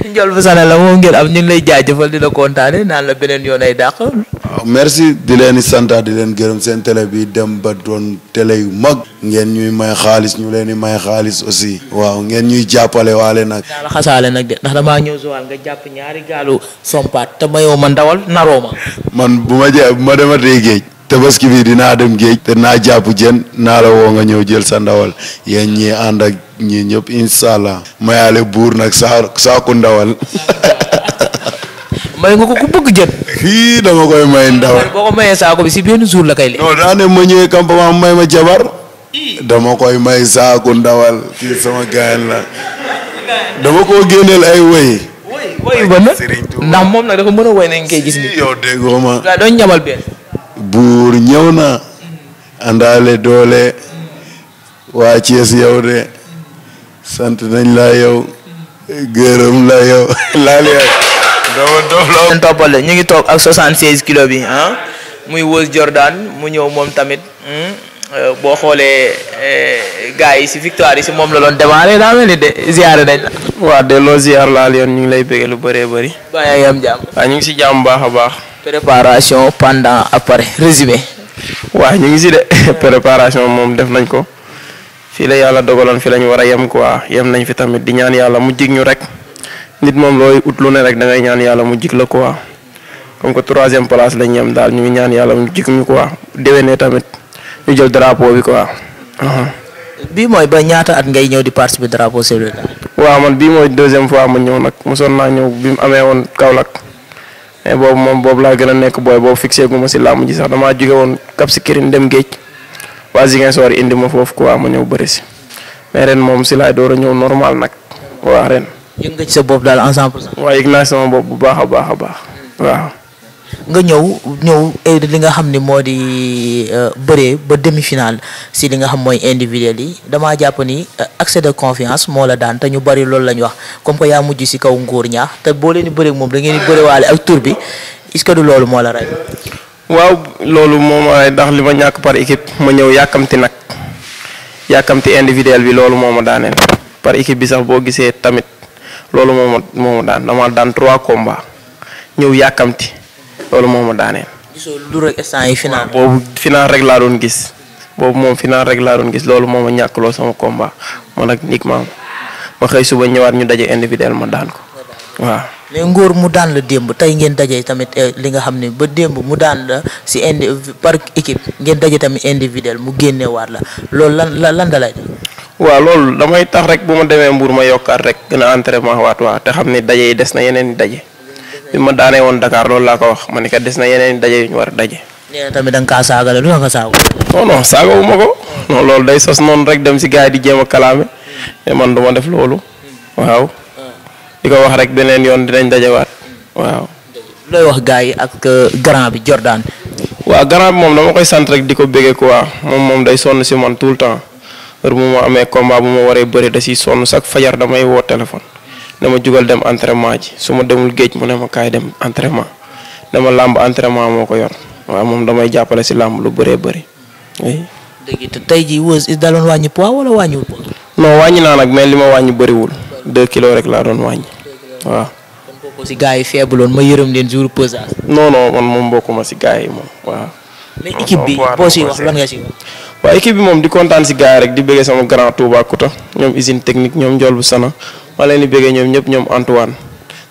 Ndiol bu Sané la moom ngeen am ñu ngi lay jaajëfal di la kontaane naan la beneen yoon ay dàq. waaw merci di leen di sant di leen gërëm seen tele bi dem ba doon télé yu mag. ngeen ñuy may xaalis ñu leen di may xaalis aussi. waaw ngeen ñuy jàppale waale nag. daal xasaale nag de ndax damaa ñëw Joal nga jàpp ñaari gaalu sompaat te mayoo ma ndawal naroo ma. man bu ma jë bu ma dematee géej. tabaski bi dinaa dem géej te naa jàpp jën naa la woo nga ñëw jël sa ndawal yéen ñi ànd ak ñi ñëpp incha mayaale buur nag saa saaku ndawal may nga ko ku bëgg jën fii ndawal bi si benn jour la ma ñëwee dama koy may saaku ndawal kii sama gaañ la dama koo génneel ay woy na ndax moom nag dafa mën a woy nañ koy gis ni yow déggoo ma buur ñëw na àndaale doole waa Cees yow de sant nañ la yow gërëm la yow laal yow doo doo leen ñu ngi toog ak 76 kilos bi ah muy Wos Jordan mu ñëw moom tamit hmm. euh, boo xoolee euh, gars yi si victoire yi si moom la doon démarré daa mel ni de ziare dañ la. waaw delloo ziar laal yoon ñu lay bëgg lu bëree bëri. ba ngi am jàmm. waaw ñu ngi si jàmm baax baax. préparation pendant après résumé. waaw ñu ngi si de préparation moom def nañ ko fii la yàlla dogaloon fi la ñu war a yem quoi yem nañ fi tamit di ñaan yàlla mu jig ñu rek nit moom looy ut lu ne rek da ñaan yàlla mu jig la quoi comme que troisième palace lañ yem daal ñu ngi ñaan yàlla mu jig ñu quoi déwénee tamit ñu jël drapeau bi quoi. Uh-huh. bii mooy ba ñaata at ngay ñëw di participer drapeau chef de waa waaw man bii mooy deuxième fois ma ñëw nag mosoon naa ñëw bi mu amee woon Kaolack. mais eh, boobu moom boobu laa gën a nekk booy boobu fixé gu ma si làmb ji sax damaa jóge woon Cap Skirring dem géej waa Ziguinchor indi ma foofu waa ma ñëw bëri si mais ren moom si laay door a ñëw normal nag waa ren. yëg nga ci sa bopp daal en 100 pour cent. yëg naa sama bopp bu baax a baax a baax waaw. nga ñëw ñëw li nga xam ni moo di euh, bëree ba demi-finale si li nga xam mooy individuel yi damaa jàpp ni euh, accès de confiance moo la daan te ñu bari loolu la ñu wax comme que yaa mujj si kaw nguur ñaax te boo leen di moom da ngeen bëriwaale ak tur bi est-ce loolu moo waaw loolu moom ndax li ma ñàkk par équipe ma ñëw yàkkamti nag yàkkamti individuel bi loolu moo ma daaneel par équipe bi sax boo gisee tamit loolu moo ma moo ma daan dama daan trois combats ñëw yàkkamti. loolu moom ma daaneel. gisoo lu yi final. boobu final rek laa doon gis. boobu moom final rek laa doon gis loolu moo ma ñàkkloo sama combat man ak Nick Maam ma xëy suba ñëwaat ñu daje individuel ma daan ko waaw. mais ngóor mu daan la démb tey ngeen daje tamit eh, li nga xam ne ba démb mu daan la si indi par équipe ngeen daje tamit individuel mu génnee waat la loolu lan lan lan da waaw loolu damay tax rek bu ma demee Mbour ma yokkaat rek gën a entraînement waat waa te xam ne daje yi des na yeneen daje. bi ma daanee woon Dakar loolu laa ko wax ma ne kat des na yeneen daje yu war a daje. nee tamit da kaa saagale lu nga ko saago. non ma ko. non loolu day sos noonu rek dem si gaa yi di jéem a kalaame. te man du ma def loolu. waaw. di ko wax rek beneen yoon dinañ daje waat waaw. looy wax gaa yi ak euh, grand bi Jordan. waa grand bi moom dama koy sant rek di ko bëggee quoi moom moom day sonn si man tout le temps heure bu ma amee combat bu ma waree bëri da si sonn chaque fajar damay woo téléphone. ne ma jugal dem entraînement ji su ma demul géej mu ne ma kaay dem entraînement dama làmb entraînement moo ko yor waaw moom damay jàppale si làmb lu bëree bari oui. te jii Weuz daloon wàññi poids wala wàññiwul poids. non wàññi naa nag mais li ma wàññi bëriwul. 2 kilos rek laa doon wàññi yi feebuloon ma yërëm leen jour pesage. man moom bokkuma si gars yi moom waaw. waa équipe bi moom di kontaan si gars yi rek di bëggee sama grand Toubacouta ñoom usine technique ñoom njool bu sana ma leen di bëggee ñoom ñëpp ñoom Antoine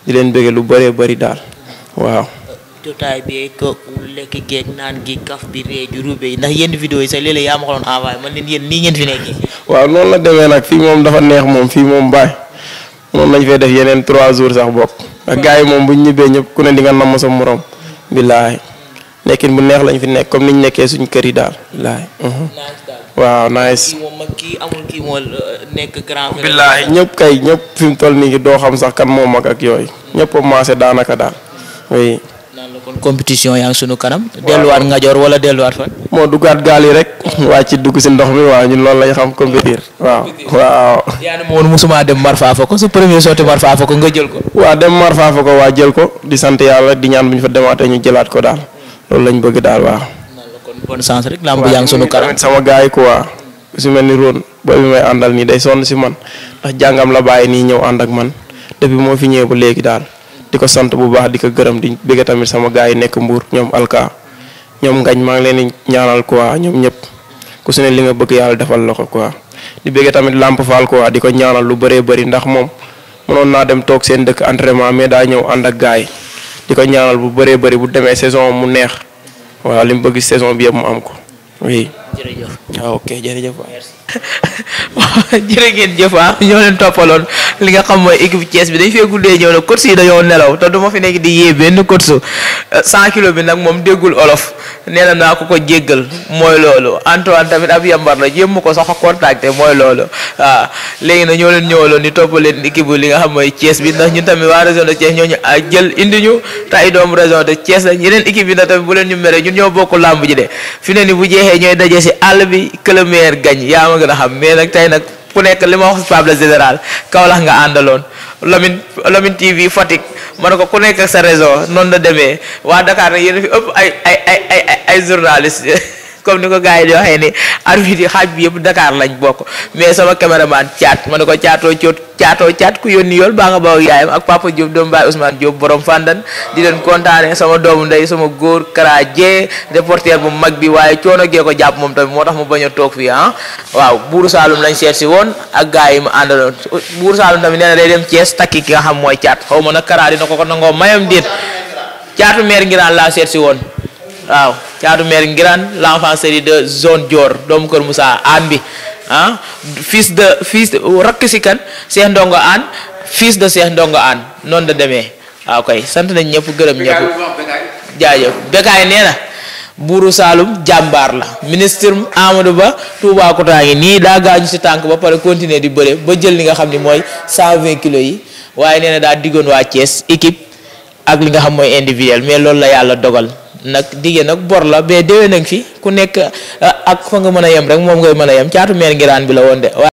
di leen bëggee lu bëree bëri daal waaw. jotaay bi lekk geeg naan gi kaf bi réeju rube yi ndax yenn vidéo yi sax léeg-léeg yaa ma ko doon envoyé nii ngeen fi nekk waaw noonu la demee nag fii moom dafa neex moom fii moom baay noonu nañ fee def yeneen trois jours sax bokk. ak gars yi moom bu ñu ñibbee ñëpp ku ne di nga namm sa morom billaay nekkin bu neex lañu fi nekk comme ni ñu nekkee suñu kër yi daal. laay. waaw nice. kii amul kii moo euh, nekk grand. billaahi ñëpp kay ñëpp fi mu toll nii doo xam sax kan moo mag ak yooyu. ñëpp a daanaka daal. oui. naan compétition yaa ngi sunu kanam. delluwaat nga joor wala delluwaat fan. moo duggaat gaal yi rek. waa ci dugg si ndox mi waaw ñun loolu lañ xam compétir. waaw waaw. yaa ne ma woon musuma dem Marfafa ko su premier sorti Marfafa ko nga jël ko. waa dem Marfafa ko waa jël ko di sant yàlla di ñaan bu fa demaatee ñu jëlaat ko daal. loolu lañ bëgg daal waaw. kon bonne chance rek lamb yaa ngi sunu kanam sama gars yi su mel ni Rhone boo may àndal nii day sonn si man ndax jàngam la bàyyi nii ñëw ànd ak man depuis moo fi ñëwee ba léegi daal di ko sant bu baax di ko gërëm di bëgg tamit sama gars yi nekk Mbour ñoom alka ñoom ngañ maa ngi leen di ñaanal quoi ñëpp ku su li nga bëgg yàlla defal la quoi di bëgg tamit Lamp Fall quoi di ko ñaanal lu bëree bëri ndax moom mënoon naa dem toog seen dëkk entraînement mais daa ñëw ànd ak gars yi di ko ñaanal bu bëree bëri bu demee saison mu neex waaw li mu bëgg saison bi yëpp mu am ko oui. jërëjëf ah, ok jërëjëf waaw jërë ngeen jëf ah ñoo leen toppaloon li nga xam mooy équipe Thiès bi dañ fee guddee ñëw na course yi dañoo nelaw te du ma fi nekk di yee benn course 100 euh, kilo bi nag moom déggul olof nee na naa ko ko jéggal mooy loolu Antoine tamit ab yambar jéem ko sax a contacter mooy loolu waaw ah, léegi na ñoo leen ñëwaloon ni toppaleen équipe bi li nga xam mooy cees bi ndax ñu tamit waa région de Thiès ñoo ñu ah, jël indi ñu te ay doomu région de Thiès la yeneen équipe yi nag tamit bu ñu meree ñun ñoo bokk ne si àll bi que le meilleur yaa ma gën a xam mais nag tey nag ku nekk li ma wax Pablo général Kaolack nga àndaloon Lamine Lamine TV Fatick ma ne ko ku nekk sa réseau noonu la demee waa Dakar nag yéen fi ëpp ay ay ay ay ay comme ni ko gars yi di waxee ni arbitre yi xaaj bi yëpp Dakar lañ bokk mais sama caméraman caat ma ne ko caatoo coot caatoo caat ku yónni yool baa nga baw yaayam ak papa Diop doomu baay Ousmane Diop borom fàndan di leen kontaane sama doomu ndey sama góor Kara Dieng reporter bu mag bi waaye coono gee ko jàpp moom tamit moo tax mu bañ a toog fii ah waaw buuru Saalum lañ seet si woon ak gars yi mu àndaloon buuru Saalum tamit nee na day dem Thiès takki ki nga xam mooy caat xaw ma nag Kara dina ko ko nangoo mayam déet caatu meer ngiraan laa seet si woon waaw Thiadou Mer ngiraan l'enfant chéri de zone Dior doomu Kër Moussa aan bi ah fils de fils rakk si kan Cheikh Ndongo aan fils de Cheikh Ndongo aan noonu la demee waaw kay sant nañ ñëpp gërëm ñëpp jaajëf Bekaay nee na buuru Saalum jàmbaar la ministre Amadou Ba Toubacouta ngi nii daa gaañu si tànk ba pare continuer di bëre ba jël li nga xam ni mooy 120 kilos yi waaye nee na daa diggoon waa Thiès équipe ak li nga xam mooy individuel mais loolu la yàlla dogal nag dige nag bor la bee déwé nag fi ku nekk ak fa nga mën a yem rek moom ngay mën a yem caatu meer ngiraan bi la woon de